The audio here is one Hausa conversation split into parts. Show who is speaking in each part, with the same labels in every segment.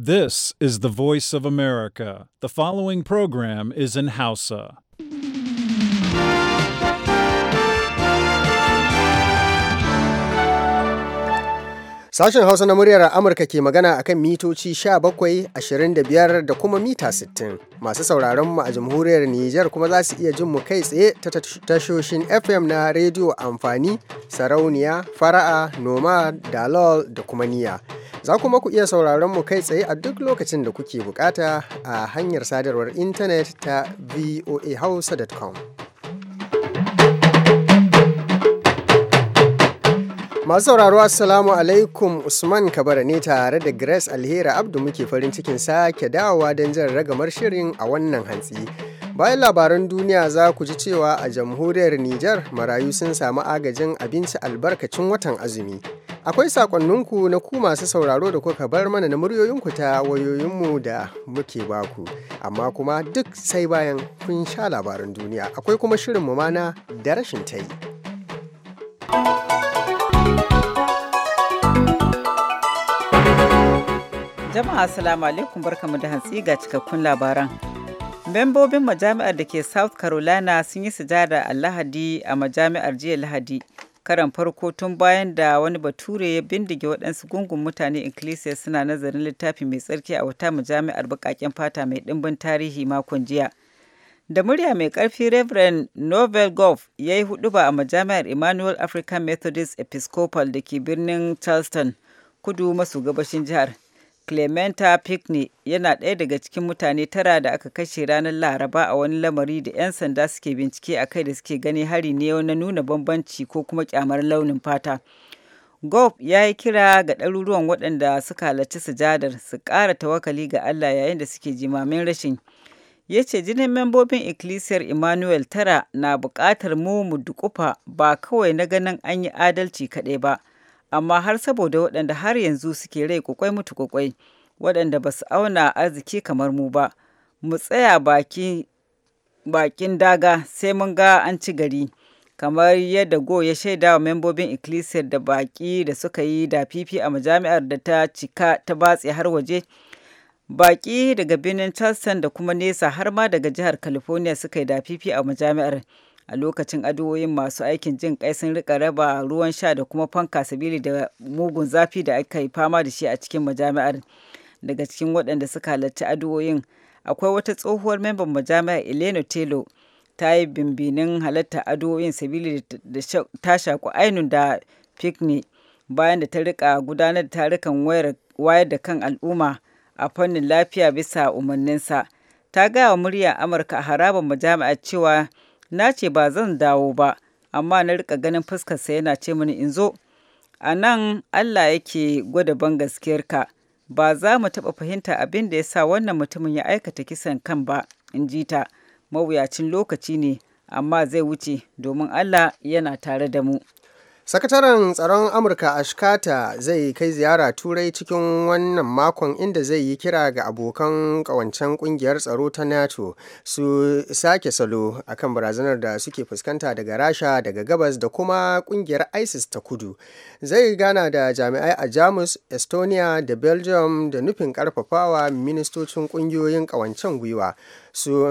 Speaker 1: This is the voice of America. The following program is in Hausa.
Speaker 2: Sashen Hausa na muryar Amurka ke magana akan mitoci 17, 25 da kuma mita 60. Masu sauraron mu a jamhuriyar Nijar kuma za su iya jin mu kai tsaye ta tashoshin FM na rediyo amfani, sarauniya, fara'a, noma, dalol da kuma niya. Za kuma ku iya sauraron mu kai tsaye a duk lokacin da kuke bukata a hanyar sadarwar intanet ta voahausa.com. Masu sauraro Assalamu alaikum Usman Kabara ne tare da Grace Alhera Abdu muke farin cikin sake dawowa don jan ragamar shirin a wannan hantsi. Bayan labaran duniya za ku ji cewa a jamhuriyar Niger, marayu sun samu agajin abinci albarkacin watan azumi. Akwai sakonninku na ku masu sauraro da kuka bar mana na muryoyinku ta wayoyinmu da muke baku, amma kuma duk sai bayan kun sha labarin duniya. Akwai kuma shirin mu mana da rashin ta yi.
Speaker 1: Jama'a Assalamu alaikum barkamu da hantsi ga cikakkun labaran. Membobin majami'ar da ke South Carolina sun yi sujada a Lahadi a majami'ar jiya Lahadi. karan farko tun bayan da wani bature ya bindige waɗansu gungun mutane Ecclesia suna nazarin littafi mai tsarki a wata majami'ar baƙaƙen fata mai ɗimbin tarihi makon jiya. Da murya mai ƙarfi Reverend Novel golf ya yi huɗuba a majami'ar Emmanuel African Methodist Episcopal da ke birnin Charleston, kudu maso gabashin jihar. Clementa Pinckney yana ɗaya daga cikin mutane tara da aka kashe ranar Laraba a wani lamari da 'yan sanda suke bincike a kai da suke gani hari ne na nuna bambanci ko kuma kyamar launin fata. Gov ya yi kira ga ɗaruruwan waɗanda suka halarci sujadar su ƙara tawakali ga Allah yayin da suke jimamin rashin. Ya ce jinin membobin ikkilisiyar Emmanuel tara na buƙatar mu mu dukufa ba kawai na ganin an yi adalci kaɗai ba. amma har saboda waɗanda har yanzu suke rai kwakwai mutu kwakwai waɗanda ba su auna arziki kamar mu ba mu tsaya bakin daga sai mun ga an ci gari kamar yadda go ya shaida wa membobin ikkilisiyar da baki da suka yi da fifi a majami'ar da ta cika ta batse har waje baki daga birnin charleston da kuma nesa har ma daga jihar california suka yi da fifi a majami'ar a lokacin addu'o'in masu aikin jin kai sun rika raba ruwan sha da kuma fanka sabili da mugun zafi da aka yi fama da shi a cikin majami'ar daga cikin waɗanda suka halarci addu'o'in akwai wata tsohuwar memban majami'ar eleno telo ta yi bimbinin halarta addu'o'in sabili da ta shaku ainun da pikni bayan da ta rika gudanar da tarukan wayar da kan al'umma a fannin lafiya bisa umarninsa ta gaya wa murya amurka a harabar majami'ar cewa na ce ba zan dawo ba amma na rika ganin fuskarsa yana ce mini in zo a nan allah yake gwada ban gaskiyarka ba za mu taɓa fahimta abin da ya sa wannan mutumin ya aikata kisan kan ba in ji ta mawuyacin lokaci ne amma zai wuce domin allah yana tare da mu
Speaker 2: sakataren tsaron amurka ashkata zai kai ziyara turai cikin wannan makon inda zai yi kira ga abokan kawancen kungiyar tsaro ta nato su sake salo akan barazanar da suke fuskanta daga rasha daga gabas da kuma kungiyar isis ta kudu zai gana da jami'ai a jamus estonia da belgium da nufin karfafawa ministocin kungiyoyin kawancen gwiwa su,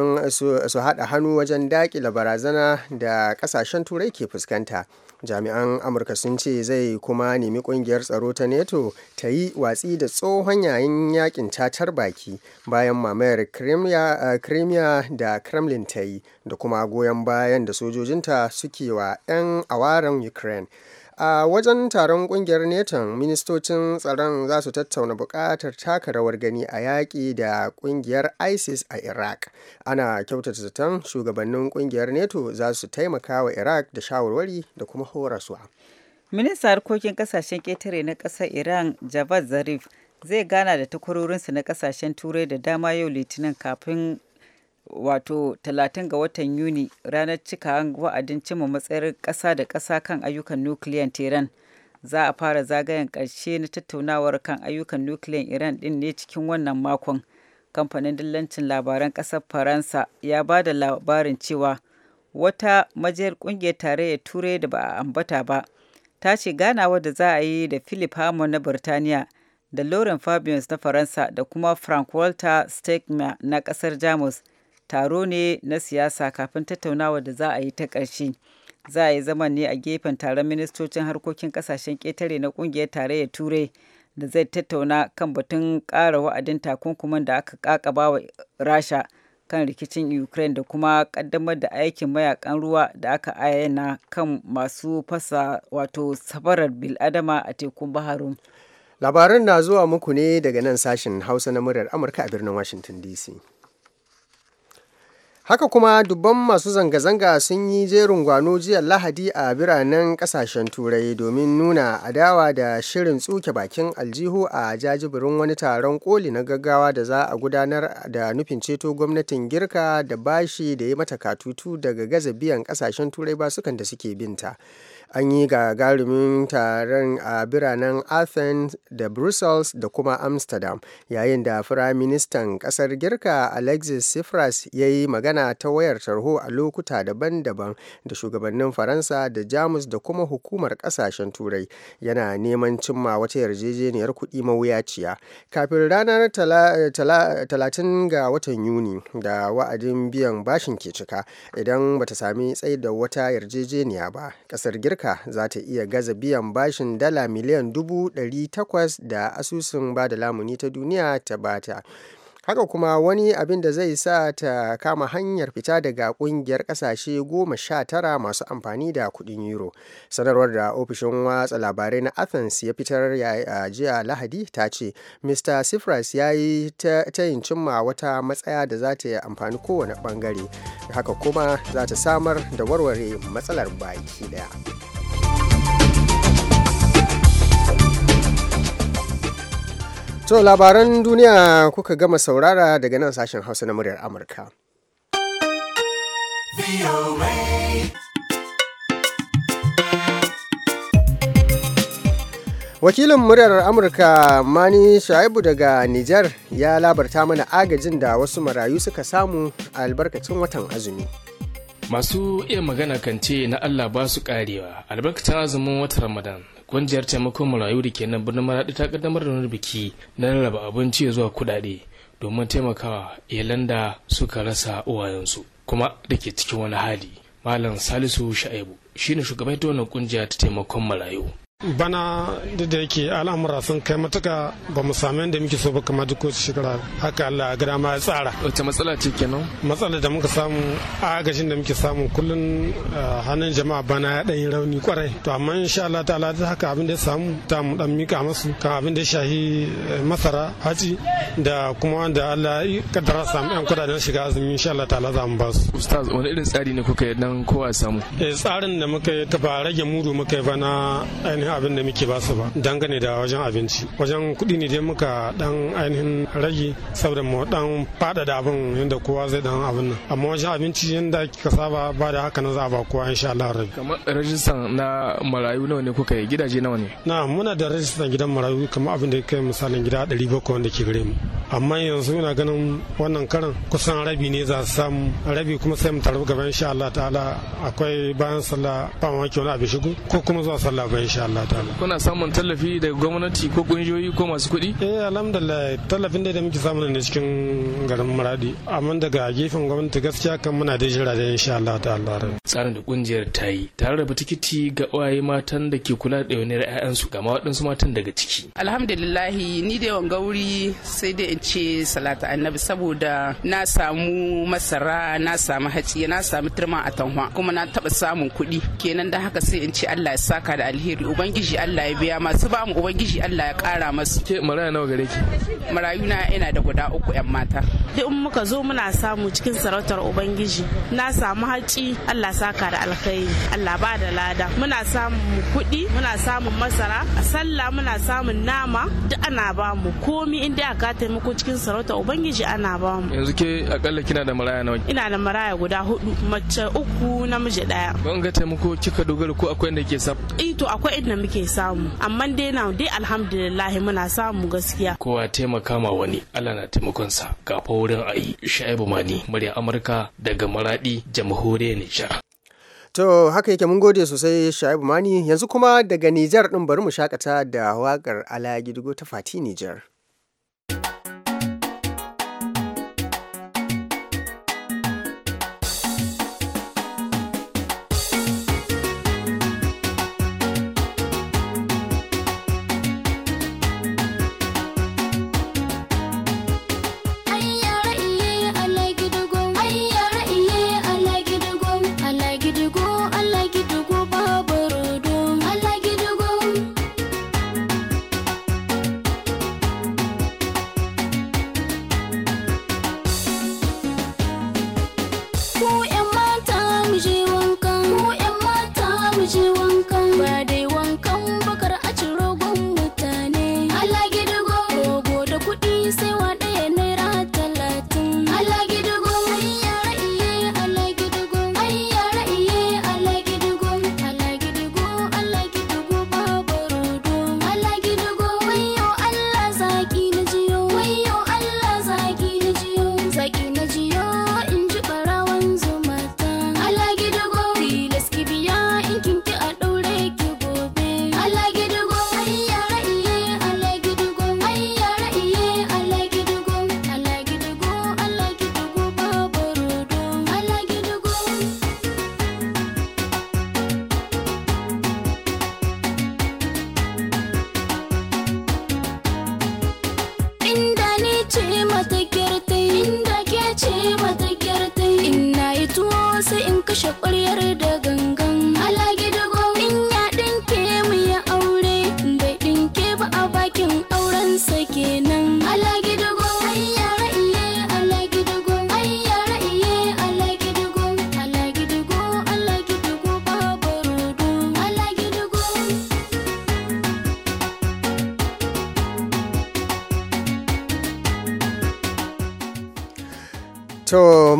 Speaker 2: haɗa hannu wajen daƙila barazana da ƙasashen turai ke fuskanta jami'an amurka sun ce zai kuma nemi kungiyar tsaro ta neto ta yi watsi da tsohon yayin yakin tatar baki bayan mamayar eh, crimea da kremlin ta yi da kuma goyon bayan da sojojinta suke wa 'yan awaren ukraine a wajen taron kungiyar neton ministocin tsaron za su tattauna bukatar taka rawar gani a yaƙi da kungiyar isis a iraq ana kyautata zaton shugabannin kungiyar neto za su taimaka wa iraq da shawarwari da kuma horaswa
Speaker 1: ministan harkokin kasashen ƙetare na ƙasar iran javad zarif zai gana da takwarorinsu na kasashen turai da dama yau litinin kafin wato 30 ga watan yuni ranar cika wa'adin cimma matsayar kasa da kasa kan ayyukan nukiliyan tehran za a fara zagayen ƙarshe na tattaunawar kan ayyukan nukiliyan iran din ne cikin wannan makon kamfanin dillancin labaran ƙasar faransa ya ba da labarin cewa wata majiyar ƙungiyar tarayyar turai da ba a ambata ba ta ce ganawa da za a yi da philip hammond na birtaniya da lauren fabius na faransa da kuma frank walter stegma na ƙasar jamus taro ne na siyasa kafin tattaunawa da za a yi ta ƙarshe za a yi zama ne a gefen taron ministocin harkokin ƙasashen ƙetare na ƙungiyar tarayyar turai da zai tattauna kan batun ƙara wa'adin takunkuman da aka kakaba wa rasha kan rikicin ukraine da kuma ƙaddamar da aikin mayakan ruwa da aka ayyana kan masu fasa wato safarar biladama a tekun baharun
Speaker 2: labaran na zuwa muku ne daga nan sashen hausa na muryar amurka a birnin washington dc Haka kuma dubban masu zanga-zanga sun yi jerin gwano jiya Lahadi a biranen kasashen Turai domin nuna adawa da shirin tsuke bakin aljihu a jajibirin wani taron koli na gaggawa da za a gudanar da nufin ceto gwamnatin Girka da bashi da ya mata katutu daga gaza biyan kasashen Turai ba sukan da suke binta. an yi gagarumin taron a biranen athens da brussels da kuma amsterdam yayin da firaministan kasar girka alexis tsipras ya yi magana ta wayar tarho a lokuta daban-daban da shugabannin faransa da jamus da kuma hukumar kasashen turai yana neman cimma wata yarjejeniyar kuɗi mawuyaciya kafin ranar 30 ga watan yuni da wa'adin biyan bashin ke cika idan bata sami tsayi da wata yarjejeniya ba kasar girka amurka za ta iya gaza biyan bashin dala miliyan dubu ɗari takwas da asusun ba da lamuni ta duniya ta bata haka kuma wani abin da zai sa ta kama hanyar fita daga kungiyar kasashe goma sha tara masu amfani da kudin euro sanarwar da ofishin watsa labarai na athens ya fitar a jiya lahadi ta ce mr sifras ya yi yin cimma wata matsaya da za ta amfani kowane bangare haka kuma za ta samar da warware matsalar baki daya To labaran duniya kuka gama saurara daga nan sashen Hausa na muryar Amurka. Wakilin muryar Amurka Mani Shaibu daga Nijar ya labarta mana agajin da wasu marayu suka samu albarkacin watan azumi.
Speaker 3: Masu iya magana kan ce na Allah ba su karewa albarkacin azumin watan Ramadan Ƙungiyar taimakon marayu da ke birnin Maraɗi ta kaddamar da wani biki na rarraba abinci ya zuwa kuɗaɗe domin taimakawa iyalan da suka rasa uwayensu kuma da ke cikin wani hali. Malam Salisu Sha'ibu shine shugaban ta wannan kungiya ta taimakon marayu.
Speaker 4: bana da yake al'amura sun kai matuka ba mu sami yadda muke so ba kamar duk wace shekara haka Allah gada ma ya tsara wace matsala ce kenan matsala da muka samu agajin da muke samu kullun hannun jama'a bana ya dan rauni kwarai to amma insha Allah ta'ala da haka abin da ya samu ta mu dan mika masu kan abin da ya shahi e, masara haji da kuma wanda Allah ya kaddara samu yan kudaden shiga azumi insha Allah ta'ala za mu ba su ustaz wani irin tsari ne kuka yi dan kowa samu eh tsarin da muka yi ta ba rage mudu muka yi bana ainihin ainihin abin da muke basu ba dangane da wajen abinci wajen kuɗi ne dai muka dan ainihin rage saboda mu dan fada da abin yadda kowa zai dan abin nan amma wajen abinci yadda kika saba ba da haka na za a ba kowa insha Allah rabi kamar rajistan na marayu nawa ne
Speaker 3: kuka yi gidaje nawa ne
Speaker 4: na muna da rajistan gidan marayu kamar abin da kai misalin gida 700 wanda ke gare mu amma yanzu ina ganin wannan karan kusan rabi ne za su samu rabi kuma sai mu tarbi gaba insha Allah ta'ala akwai bayan sallah ba mamaki wani abin shigo ko kuma zuwa sallah ba insha Allah Allah ta'ala kuna samun tallafi daga gwamnati ko kungiyoyi ko masu kuɗi eh alhamdulillah tallafin da muke samu ne cikin garin Maradi amma daga gefen gwamnati gaskiya kan muna da jira da insha Allah ta'ala tsarin da kungiyar ta yi tare da tikiti ga waye matan da ke
Speaker 3: kula da yawanin ƴaƴansu ga waɗansu matan daga ciki
Speaker 5: alhamdulillah ni da yawan gauri sai dai in ce salatu annabi saboda na samu masara na samu hatsi na samu turma a tanwa kuma na taba samun kuɗi kenan da haka sai in ce Allah ya saka da alheri uban ubangiji Allah ya biya masu ba mu ubangiji Allah ya kara masu ke maraya nawa gare ki marayu
Speaker 1: na ina da guda uku yan mata duk muka zo muna samu cikin sarautar ubangiji na samu haƙi Allah saka da alkhairi Allah ba da lada muna samun kuɗi muna samun masara a sallah muna samun nama duk ana ba mu komi inda aka taimako cikin sarautar ubangiji ana ba mu
Speaker 3: yanzu ke akalla kina da maraya nawa
Speaker 1: ina da maraya guda hudu mace uku namiji daya
Speaker 3: ban ga taimako kika dogara ko akwai inda ke sab
Speaker 1: eh to akwai inda muke samu amma dai na dai alhamdulillah muna samu gaskiya
Speaker 3: kowa taimaka ma wani Allah na taimakon sa ga faurin wurin ayi Shaibu Mani murya Amurka daga Maradi jamhuriyar Nijar
Speaker 2: To haka yake mun gode sosai Shaibu Mani yanzu kuma daga Nijar din bari mu shakata da wakar Ala Gidigo ta Fati Nijar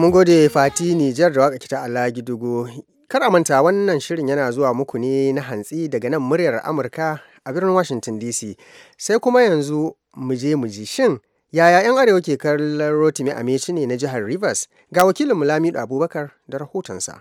Speaker 2: mun gode fati Nijar da waka kita Allah Gidugo. Kar a manta wannan shirin yana zuwa muku ne na hantsi daga nan muryar Amurka a birnin Washington DC. Sai kuma yanzu muje je shin yaya 'yan arewa ke kallon Rotimi Amici ne na jihar Rivers ga wakilin Mulamidu Abubakar da
Speaker 6: rahotonsa.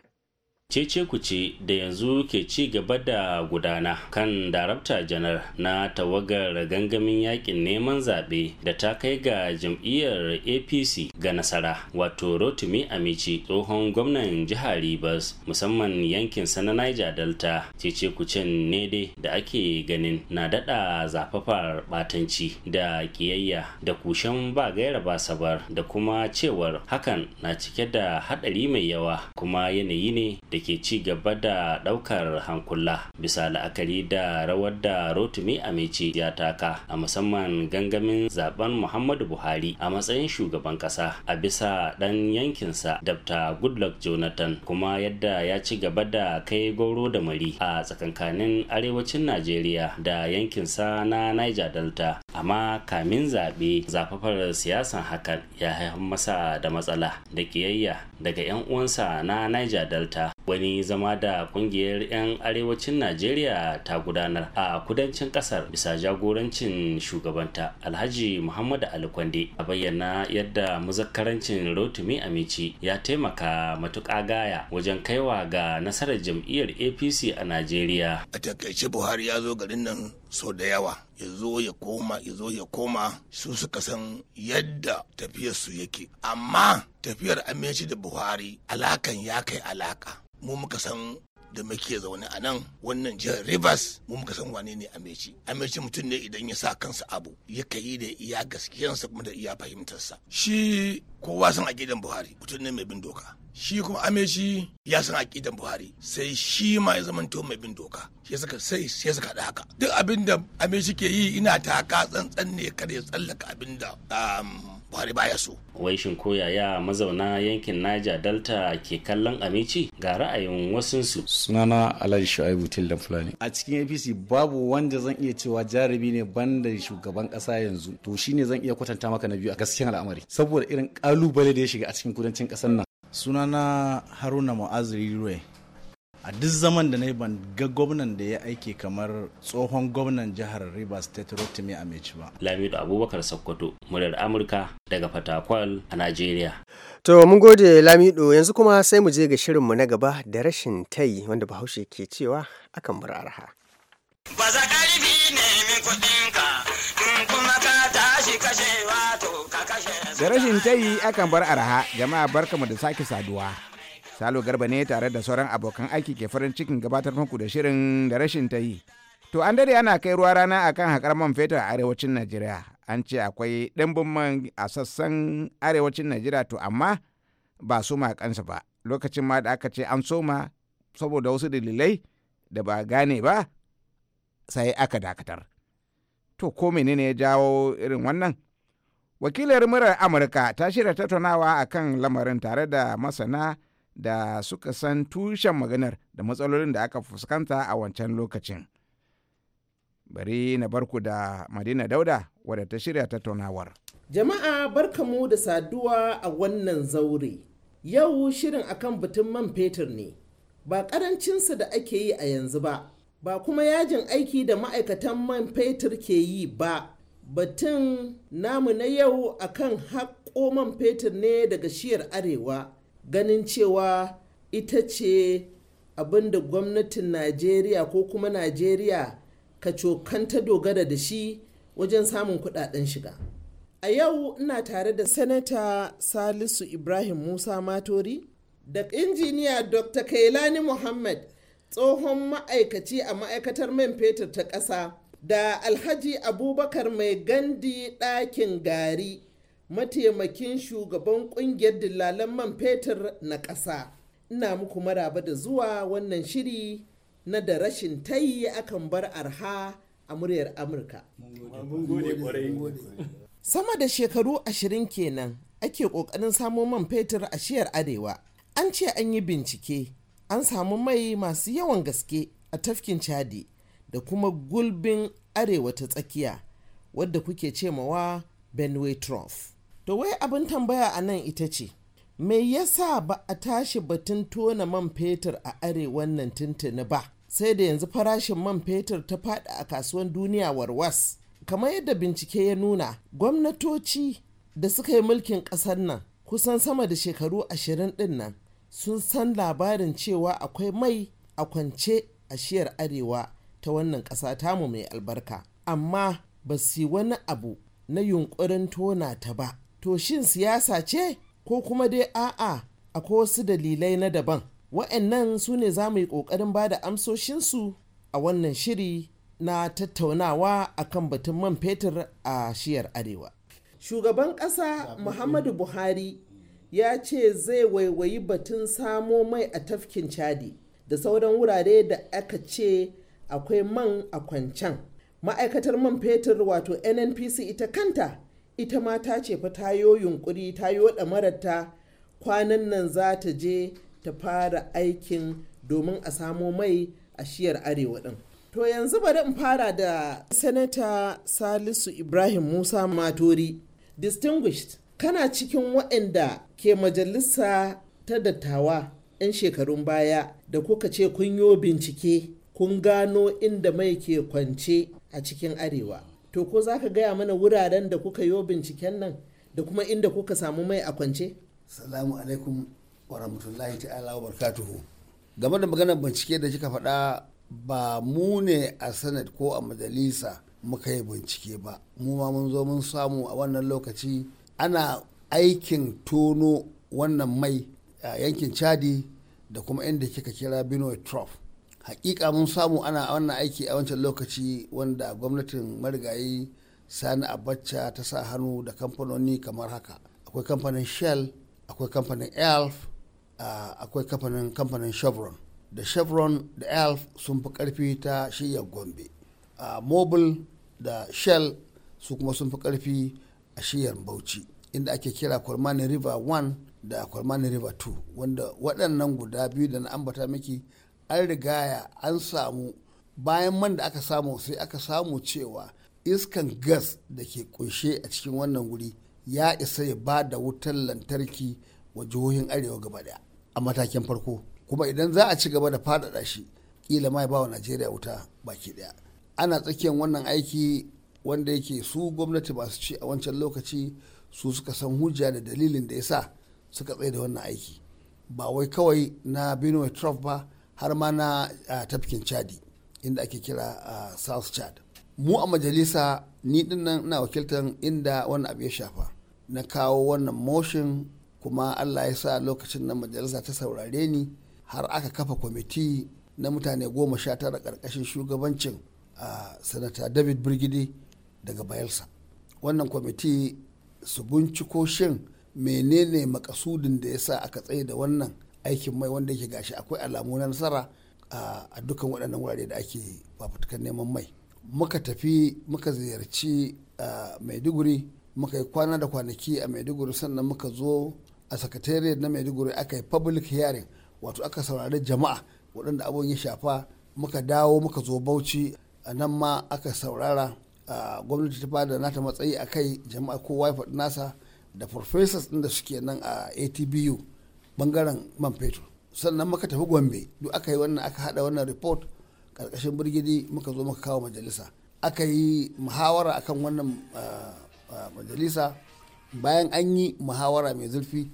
Speaker 6: cece kuce da yanzu ke ci gaba da gudana kan darabta janar na tawagar gangamin yakin neman zaɓe da ta kai ga jam'iyyar apc ga nasara wato rotimi amici tsohon gwamnan jihar ribas musamman yankin sana niger delta cece kucen ne dai da ake ganin na daɗa zafafar ɓatanci da ƙiyayya da kushen ba gaira ba sabar da kuma cewar hakan na cike da haɗari mai yawa kuma yanayi ne da da ke ci gaba da ɗaukar hankula bisa la'akari da rawar da rotumi a amici ya taka a musamman gangamin zaben muhammadu buhari a matsayin shugaban ƙasa a bisa ɗan yankinsa dr goodluck jonathan kuma yadda ya ci gaba da kai goro da mari a tsakankanin arewacin najeriya da yankinsa na niger delta amma kamin zaɓe zafafar siyasan hakan ya haifar masa da matsala da ƙiyayya daga 'yan uwansa na niger delta wani zama da kungiyar 'yan arewacin najeriya ta gudanar a kudancin ƙasar bisa jagorancin shugabanta alhaji muhammadu alikwande a bayyana yadda muzakkarancin rotumi amici ya taimaka matuƙa gaya wajen kaiwa ga nasarar jam'iyyar apc a najeriya a takaice buhari ya
Speaker 7: zo garin nan sau da yawa ya zo ya koma ya zo ya koma su suka san yadda tafiyar su yake amma tafiyar aminci da buhari alakan ya kai alaka mu muka san da muke zaune a nan wannan jihar rivers mu muka san wane ne aminci aminci mutum ne idan ya sa kansa abu ya yi da iya gaskiyansa kuma da iya fahimtarsa shi kowa san aƙidan buhari mutum ne mai bin doka shi kuma ameshi ya san aƙidan buhari sai shi ma ya zama zamanto mai bin doka ya sai sai suka da haka duk abin da ameshi ke yi ina taka tsantsan ne kada ya tsallaka abin da
Speaker 6: um, buhari baya so wai shin koyaya mazauna yankin naja delta ke kallon amici ga ra'ayin wasunsu sunana alhaji shu'aibu tilda fulani a cikin apc
Speaker 8: babu wanda zan iya cewa jarumi ne banda shugaban kasa yanzu to shine zan iya kwatanta maka na biyu a gaskiyar al'amari saboda irin kalubale da ya shiga a cikin kudancin kasar nan sunana haruna mu'aziri ruwe a duk zaman da na yi ban ga gwamnan da ya aiki kamar
Speaker 6: tsohon
Speaker 2: gwamnan jihar rivers state rotimi a meci ba
Speaker 6: lamido abubakar sokoto muryar amurka daga fatakwal a nigeria
Speaker 2: to mun gode lamido yanzu kuma sai mu je ga shirinmu na gaba da rashin tai, wanda bahaushe ke cewa akan bar arha
Speaker 9: ba ne min kuɗinka kuma ka tashi kashewa
Speaker 10: Da rashin tayi akan bar araha jama'a barkamu da sake saduwa. Salo Garba ne tare da sauran abokan aiki ke farin cikin gabatar muku da shirin da rashin tayi. To an dade ana kai ruwa rana akan haƙar man fetur a arewacin Najeriya. An ce akwai ɗimbin man a sassan arewacin Najeriya to amma ba su ma kansa ba. Lokacin ma da aka ce an soma saboda wasu dalilai da ba gane ba sai aka dakatar. To ko menene ya jawo irin wannan? wakilar murar amurka ta shirya tattaunawa a kan lamarin tare da masana da suka san tushen maganar da matsalolin da aka fuskanta a wancan lokacin bari na barku da madina dauda wadda ta shirya tattaunawar
Speaker 5: jama'a barkamu da saduwa a wannan zaure yau shirin akan batun man fetur ne ba karancinsa da ake yi a yanzu ba ba kuma yajin aiki da ma'aikatan man fetur ke yi ba batun namu na yau akan haƙo man fetur ne daga shiyar arewa ganin cewa ita ce abinda gwamnatin najeriya ko kuma najeriya ka cokanta dogara da shi wajen samun kudaden shiga a yau ina tare da sanata salisu ibrahim musa matori da injiniya dr kailani muhammad tsohon ma'aikaci a ma'aikatar man fetur ta ƙasa da alhaji abubakar mai gandi ɗakin gari mataimakin shugaban ƙungiyar dillalan man fetur na ƙasa ina muku maraba da zuwa wannan shiri na da rashin tayi akan bar arha a muryar amurka sama da shekaru ashirin kenan ake ƙoƙarin samo man fetur a shiyar arewa an ce an yi bincike an samu mai masu yawan gaske a tafkin chadi da kuma gulbin arewa ta tsakiya wadda kuke cemawa benway trough to wai abin tambaya a nan ita ce me yasa ba a tashi batun tona man fetur a arewan nan tuntuni ba sai da yanzu farashin man fetur ta faɗi a kasuwan duniya warwas kamar yadda bincike ya nuna gwamnatoci da suka yi mulkin ƙasar nan kusan sama da shekaru ashirin ɗin nan sun san labarin cewa akwai mai a kwance a shiyar arewa ta wannan ƙasa tamu mai albarka amma ba su wani abu na yunkurin tona ta ba to shin siyasa ce ko kuma dai a'a akwai wasu dalilai na daban wa'annan su ne za mu yi ƙoƙarin ba da amsoshinsu a wannan shiri na tattaunawa a kan batun man fetur a shiyar arewa shugaban ƙasa muhammadu buhari ya ce zai waiwayi batun samo mai a tafkin chadi da sauran wurare da aka ce akwai man a kwancan ma'aikatar man fetur wato nnpc ita kanta ita ma ta ce fa ta yo yunkuri ta yo marata kwanan nan za ta je ta fara aikin domin a samo mai a shiyar arewa ɗin to yanzu bari in fara da senator salisu ibrahim musa matori distinguished kana cikin waɗanda ke majalisa ta dattawa 'yan shekarun baya da kuka ce kun yo bincike kun gano inda mai ke kwance a cikin arewa to ko za ka gaya mana wuraren da kuka yi binciken nan da kuma inda kuka samu mai a kwance salamu alaikum wa rahmatullahi ta'ala wa
Speaker 11: barakatuhu game da maganar bincike da kika faɗa ba mu ne a sanad ko a majalisa muka yi bincike ba mu ma mun zo mun samu a wannan lokaci ana aikin tono wannan mai a yankin chadi da kuma inda kika kira benue trough hakika mun samu ana wannan aiki a wancan lokaci wanda gwamnatin marigayi sani abacha ta sa hannu da kamfanoni kamar haka akwai kamfanin shell akwai kamfanin elf akwai kamfanin kamfanin chevron da chevron da elf sun fi karfi ta shirya gombe mobile da shell su kuma sun fi karfi a shiyar bauchi inda ake kira kwalmanin river 1 da kwalmanin river 2 wanda waɗannan guda biyu da na ambata miki an rigaya an samu bayan man da aka samu sai aka samu cewa iskan gas da ke kunshe a cikin wannan wuri ya isa ya ba da wutar lantarki wa jihohin arewa gaba daya a matakin farko kuma idan za a ci gaba da fadada shi kila ma bawa ba wa najeriya wuta baki daya ana tsakiyar wannan aiki wanda yake su gwamnati masu ci a wancan lokaci su suka san hujja da dalilin da ya sa suka tsaye da wannan aiki ba wai kawai na benue trump ba har ma na tafkin chadi inda ake kira south chad mu a majalisa ni dinnan ina wakiltar inda wannan abu ya shafa na kawo wannan motion kuma allah ya sa lokacin na majalisa ta saurare ni har aka kafa kwamiti na mutane goma sha tara ƙarƙashin shugabancin a sanata david birgidi daga bayelsa wannan kwamiti su binciko shin menene makasudin da ya sa aka tsaye da wannan aikin mai wanda yake gashi akwai alamu na nasara a dukkan waɗannan wurare da ake fafutukan neman mai muka tafi muka ziyarci maiduguri muka yi kwana da kwanaki a maiduguri sannan muka zo a sakatariyar na maiduguri aka yi public hearing wato aka saurari jama'a waɗanda abun ya shafa muka dawo muka zo bauchi a nan ma aka saurara gwamnati ta bada nata matsayi a kai jama'a kowa ya faɗi nasa da professors ɗin da suke nan a atbu bangaren man fetur sannan muka tafi gombe duk aka yi wannan aka hada wannan report karkashin birgidi muka zo muka kawo majalisa aka yi muhawara akan wannan ah, ah, majalisa bayan an yi muhawara mai zurfi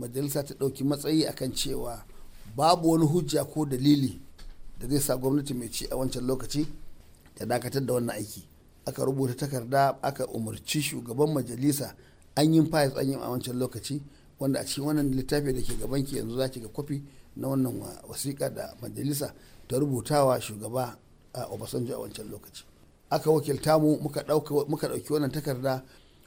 Speaker 11: majalisa ta ɗauki matsayi akan cewa babu wani hujja ko dalili da zai sa gwamnati mai ci a wancan lokaci ta dakatar da wannan aiki aka rubuta takarda aka umarci shugaban majalisa an yi fayas an yi a wancan lokaci wanda a cikin wannan littafi da ke gaban ki yanzu za ki ga kwafi na wannan wasiƙa da majalisa ta rubutawa shugaba a Obasanjo a wancan lokaci aka wakilta mu muka ɗauki wannan takarda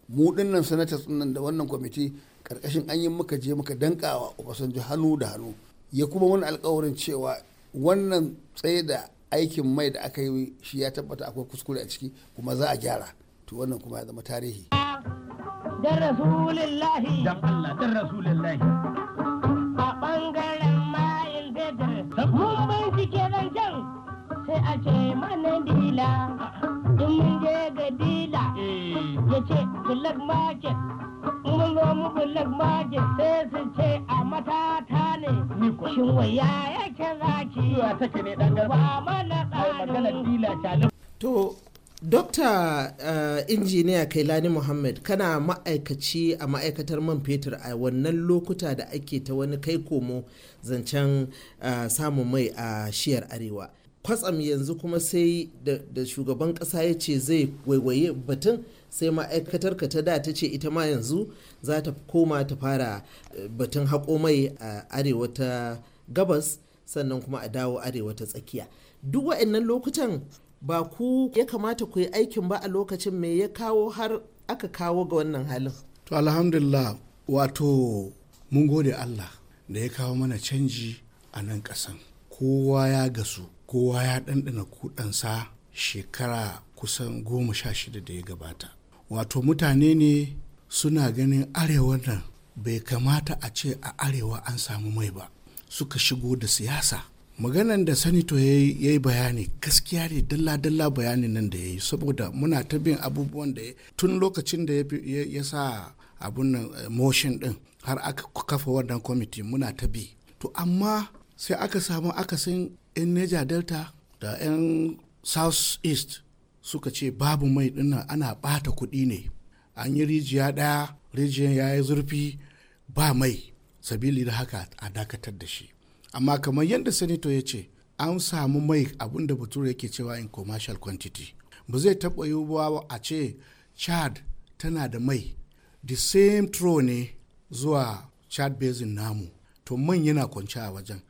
Speaker 11: mu dinnan sanata sunan da wannan kwamiti karkashin an yi muka je muka danka wa Obasanjo hannu da hannu ya kuma wani alkawarin cewa wannan tsaye da aikin mai da aka yi shi ya tabbata akwai kuskure a ciki kuma za a gyara to wannan kuma ya zama tarihi
Speaker 5: dan
Speaker 9: rasulillahi a bangaren mayin bedar mun bincike nan can sai a ce mana dila mun je dila eh. ya ce black market mun zo mu black market sai su ce a matata ne shin waya yake
Speaker 5: to Dokta uh, injiniya Kailani Muhammad kana ma'aikaci a ma'aikatar man fetur a wannan lokuta da ake ta wani kai komo zancen uh, samun mai a uh, shiyar arewa. Kwatsam yanzu kuma sai da, da shugaban kasa ya ce zai waiwaye batun sai ma'aikatar ka ta da ta ce ita ma yanzu za ta koma ta fara eh, batun haƙo mai a arewa ta gabas sannan kuma a dawo arewa ta tsakiya. Duk waɗannan lokutan ba ku ya kamata ku yi aikin ba a lokacin me ya kawo har aka kawo ga wannan halin to
Speaker 8: alhamdulillah wato mun gode allah da ya kawo mana canji a nan ƙasan kowa ya gasu kowa ya ɗanɗana kuɗansa shekara kusan goma sha shida da ya gabata wato mutane ne suna ganin arewa nan bai kamata a ce a arewa an samu mai ba suka shigo da siyasa maganan da sanito ya yi bayani gaskiya ne dalla-dalla bayanin nan da ya yi saboda muna ta bin abubuwan da tun lokacin da ya sa abun nan eh, motion din har aka kafa wannan kwamiti muna ta bi to amma sai aka samu aka san 'yan niger delta da 'yan south east suka ce babu mai dinnan ana bata kuɗi ne an yi rijiya ɗaya rijiyar ya yi zurfi ba mai sabili da haka a dakatar da shi amma kamar yadda senator ya ce an samu mai abin da bature yake cewa in commercial quantity ba zai taɓa yiwuwa a ce chad tana da mai the same throw ne zuwa chad basin namu to man yana kwanci a wajen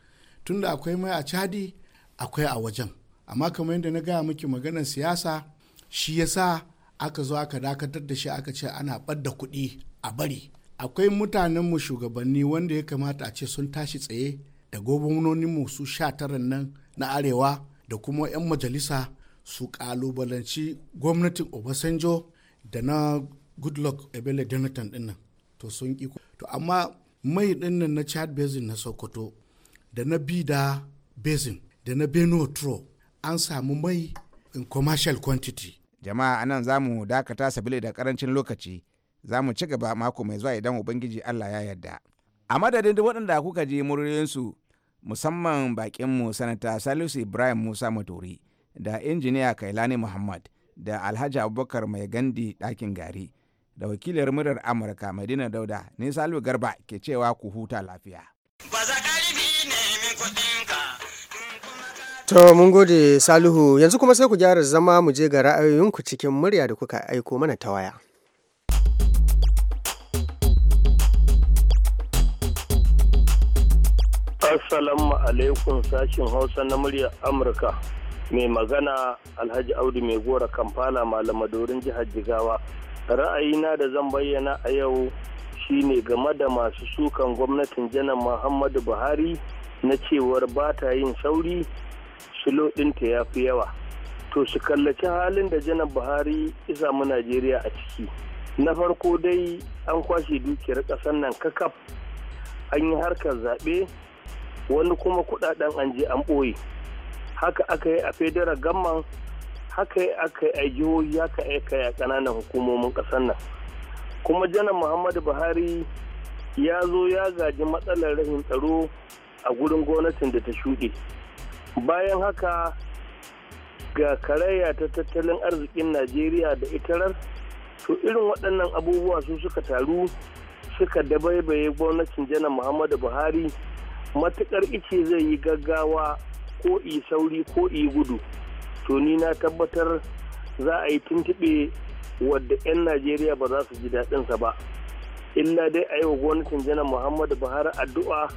Speaker 8: tunda akwai mai a chadi akwai a wajen amma kamar yadda na gaya miki maganar siyasa shi yasa aka zo aka dakatar da shi aka ce ana ɓadda kuɗi a bari akwai mutanenmu shugabanni wanda ya kamata a ce sun tashi tsaye da gwamnoninmu su sha tara nan na arewa da kuma 'yan majalisa su kalubalanci gwamnatin obasanjo da na goodluck ebele jonathan dinnan to sun ki to amma mai dinnan na chad basin na sokoto da na
Speaker 10: bida basin da na benue tro an samu mai in commercial quantity jama'a anan za mu dakata sabili da karancin lokaci za mu ci gaba mako mai zuwa idan ubangiji allah ya yarda a madadin waɗanda kuka ji muryoyinsu musamman bakinmu sanata salisu ibrahim musa maturi da injiniya kailani muhammad da alhaji abubakar mai gandi ɗakin gari da wakilar murar amurka madina dauda ni salu garba ke cewa ku huta lafiya To mun gode Salihu yanzu kuma sai ku gyara zama mu je
Speaker 2: ga ra'ayoyinku cikin murya da kuka aiko mana ta waya.
Speaker 7: Assalamu alaikum sashin Hausa na muryar Amurka. Mai magana Alhaji Audu mai gora Kampala dorin jihar Jigawa. Ra'ayina da zan bayyana a yau shine game da masu sukan gwamnatin janar Muhammadu Buhari na cewar ba ta yin sauri, sulo ɗinta ya fi yawa. To su kallaci halin da janar Buhari isa mu Najeriya a ciki. Na farko dai an kwashe dukiyar ƙasar nan kakaf an yi harkar zaɓe wani kuma kudaden an je an ɓoye haka aka yi a federal gamman haka yi aka yi a jihohi haka ka a ƙananan hukumomin ƙasar nan kuma janar muhammadu buhari ya zo ya gaji matsalar rahin tsaro a gurin gwamnatin da ta shuɗe bayan haka ga karaya ta tattalin arzikin najeriya da itarar to irin waɗannan abubuwa su suka taru suka dabaibaye gwamnatin janar muhammadu buhari matukar ice zai yi gaggawa ko i sauri ko i gudu to ni na tabbatar za a yi tuntuɓe wadda 'yan najeriya ba za su ji daɗinsa ba illa dai a yi wa gwamnatin janar muhammadu buhari addu'a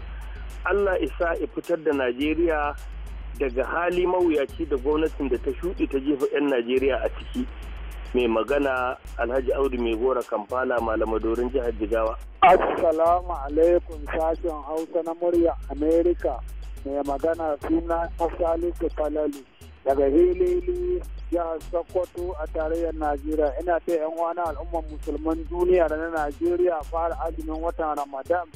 Speaker 7: allah isa ya fitar da najeriya daga hali mawuyaci da gwamnatin da ta shuɗi ta jefa 'yan najeriya a ciki mai magana alhaji audu mai gora kamfana malamadorin jihar jigawa
Speaker 4: assalamu alaikum sashen hausa na murya amerika
Speaker 11: mai magana suna salisu falalu daga hilili jihar sokoto a tarayyar najeriya ina ta yan wani al'ummar musulman duniya da na najeriya fara azumin watan ramadan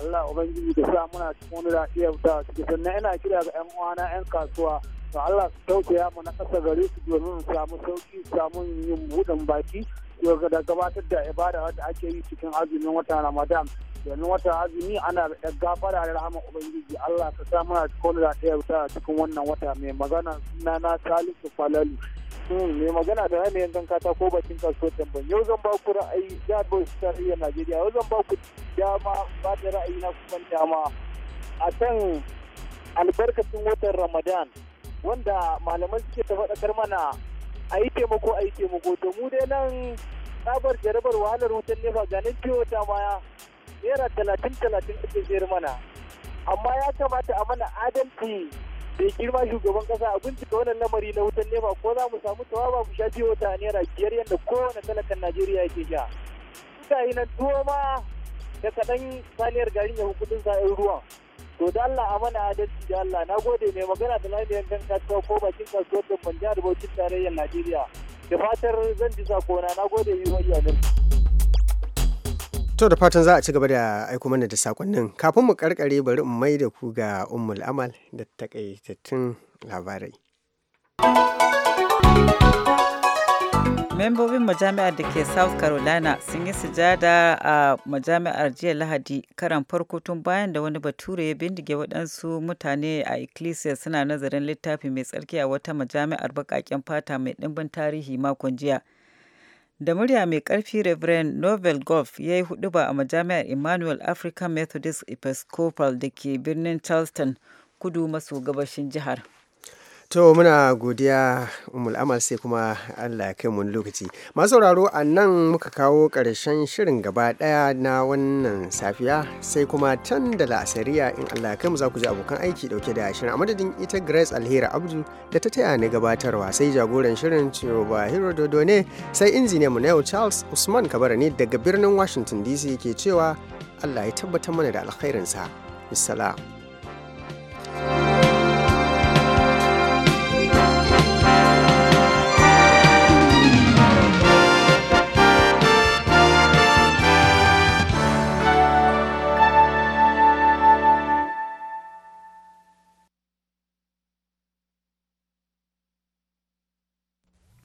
Speaker 11: allah ubangiji da sa muna cikin wani da iya wuta sannan ina kira ga yan uwana yan kasuwa to Allah su tausaya mu na ƙasa gare su domin samu sauki samun samu yin buɗin baki da gabatar da ibada wadda ake yi cikin azumin watan Ramadan domin watan azumi ana da gafara da rahama ubangiji Allah ka sa mana cikin da ta yarda cikin wannan wata mai magana suna na Salisu Falalu hmm,
Speaker 7: mai magana da hana yanzu kata ko bakin kasuwar tambayi yau zan ba ku ra'ayi ya bai iya Najeriya yau zan ba ku dama ba da ra'ayi na kusan dama a can albarkacin watan Ramadan wanda malaman suke ta faɗakar mana a yi taimako a yi taimako to mu dai nan tsabar jarabar wahalar wutan nefa ganin ta maya naira talatin talatin ake sayar mana amma ya kamata a mana adalci bai girma shugaban kasa a bincika wannan lamari na wutan nefa ko za mu samu tawaba mu sha biyo ta naira biyar yadda kowane talakan najeriya yake sha suka yi nan tuwo ma da kaɗan saniyar garin ya hukudin sa'in ruwan to da Allah a mana adalci da Allah na gode mai magana da lafiyar dan kasuwa ko bakin kasuwar da mun da bautin tarayyar Najeriya da fatar zan ji sakona na gode yi wa iyalin
Speaker 2: To da fatan za a ci gaba da aiko mana da sakonnin kafin mu karkare bari in mai da ku ga Ummul Amal da takaitattun labarai.
Speaker 1: Membobin majami'ar da ke South Carolina sun yi sujada a majami'ar jiya Lahadi karan farko tun bayan da wani bature ya bindige waɗansu mutane a Ecclesia suna nazarin littafi mai tsarki a wata majami'ar baƙaƙen fata mai ɗimbin tarihi makon jiya. Da murya mai ƙarfi Reverend Novel Golf ya yi huɗuba a majami'ar Emmanuel African Methodist Episcopal da ke birnin Charleston kudu maso gabashin jihar.
Speaker 2: To muna godiya Umul sai kuma Allah kai mun lokaci. Masu sauraro a nan muka kawo ƙarshen shirin gaba ɗaya na wannan safiya sai kuma can da la'asariya in Allah kai mu za ku ji abokan aiki ɗauke da shirin a madadin ita Grace Alheri Abdu da ta taya ni gabatarwa sai jagoran shirin Ciyoba Hero Dodo ne sai injiniya mu na yau Charles Usman Kabara ne daga birnin Washington DC ke cewa Allah ya tabbatar mana da alkhairinsa. Bisalam.